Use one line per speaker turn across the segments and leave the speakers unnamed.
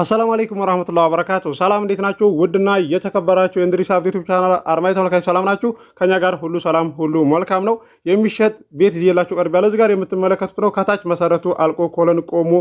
አሰላሙ አለይኩም ወራህመቱላሂ ወበረካቱ። ሰላም እንዴት ናችሁ? ውድና የተከበራችሁ የእንድሪስ አብ ዩቲዩብ ቻናል አድማጭ ተመልካች ሰላም ናችሁ? ከኛ ጋር ሁሉ ሰላም ሁሉ መልካም ነው። የሚሸጥ ቤት ይዤላችሁ ቀርብ ያለ እዚህ ጋር የምትመለከቱት ነው። ከታች መሰረቱ አልቆ ኮለን ቆሞ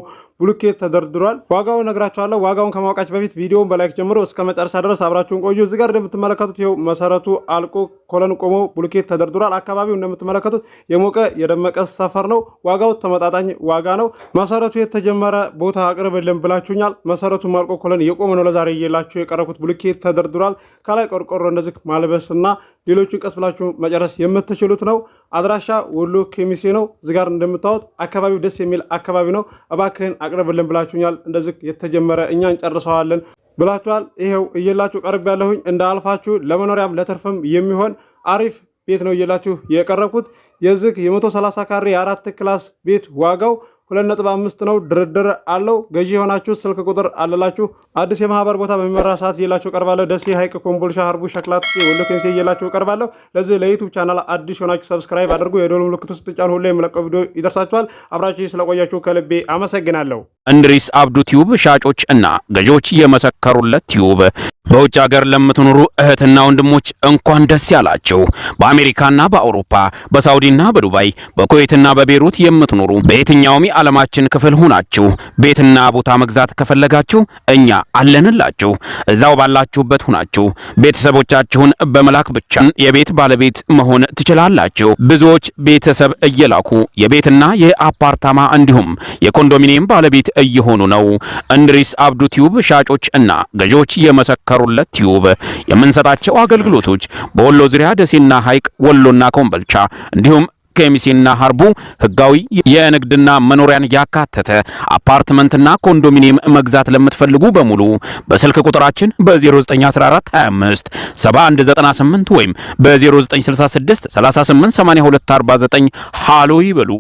ብሎኬት ተደርድሯል። ዋጋውን ነግራችኋለሁ። ዋጋውን ከማወቃችሁ በፊት ቪዲዮውን በላይክ ጀምሮ እስከ መጨረሻ ድረስ አብራችሁን ቆዩ። እዚህ ጋር እንደምትመለከቱት ይኸው መሰረቱ አልቆ ኮለን ቆሞ ብሎኬት ተደርድሯል። አካባቢው እንደምትመለከቱት የሞቀ የደመቀ ሰፈር ነው። ዋጋው ተመጣጣኝ ዋጋ ነው። መሰረቱ የተጀመረ ቦታ አቅርብልን ብላችሁኛል። መሰረቱ ማርቆ ኮለን የቆመ ነው። ለዛሬ እየላችሁ የቀረኩት ብሎኬት ተደርድሯል። ከላይ ቆርቆሮ እንደዚህ ማልበስ እና ሌሎቹን ቀስ ብላችሁ መጨረስ የምትችሉት ነው። አድራሻ ወሎ ኬሚሴ ነው። እዚህ ጋር እንደምታዩት አካባቢው ደስ የሚል አካባቢ ነው። እባክህን አቅርብልን ብላችሁኛል። እንደዚህ የተጀመረ እኛ እንጨርሰዋለን ብላችኋል። ይሄው እየላችሁ ቀርብ ያለሁኝ እንዳልፋችሁ ለመኖሪያም ለትርፍም የሚሆን አሪፍ ቤት ነው እየላችሁ የቀረብኩት የዚህ የ130 ካሬ የአራት ክላስ ቤት ዋጋው ሁለት ነጥብ አምስት ነው። ድርድር አለው። ገዢ የሆናችሁ ስልክ ቁጥር አለላችሁ። አዲስ የማህበር ቦታ በሚመራ ሰዓት እየላችሁ ቀርባለሁ። ደሴ፣ ሀይቅ፣ ኮምቦልሻ፣ ሀርቡ፣ ሸክላት፣ ወሎ፣ እየላችሁ ቀርባለሁ። ለዚህ ለዩቱብ ቻናል አዲስ የሆናችሁ ሰብስክራይብ አድርጉ። የደወል ምልክቱ ስትጫኑ ሁሉ የምለቀው ቪዲዮ ይደርሳችኋል። አብራችሁ ስለቆያችሁ ከልቤ አመሰግናለሁ።
እንድሪስ አብዱ ቲዩብ ሻጮች እና ገዢዎች እየመሰከሩለት ቲዩብ በውጭ ሀገር ለምትኖሩ እህትና ወንድሞች እንኳን ደስ ያላችሁ። በአሜሪካና በአውሮፓ በሳውዲና በዱባይ በኩዌትና በቤሩት የምትኖሩ በየትኛውም የዓለማችን ክፍል ሆናችሁ ቤትና ቦታ መግዛት ከፈለጋችሁ እኛ አለንላችሁ። እዛው ባላችሁበት ሆናችሁ ቤተሰቦቻችሁን በመላክ ብቻ የቤት ባለቤት መሆን ትችላላችሁ። ብዙዎች ቤተሰብ እየላኩ የቤትና የአፓርታማ እንዲሁም የኮንዶሚኒየም ባለቤት እየሆኑ ነው። እንድሪስ አብዱ ቲዩብ ሻጮች እና ገዢዎች የመሰከ ለመሰከሩለት ዩብ የምንሰጣቸው አገልግሎቶች በወሎ ዙሪያ ደሴና ሐይቅ፣ ወሎና ኮምበልቻ እንዲሁም ኬሚሴና ሀርቡ ህጋዊ የንግድና መኖሪያን ያካተተ አፓርትመንትና ኮንዶሚኒየም መግዛት ለምትፈልጉ በሙሉ በስልክ ቁጥራችን በ 0914257198 ወይም በ0966 ሃሎ ይበሉ።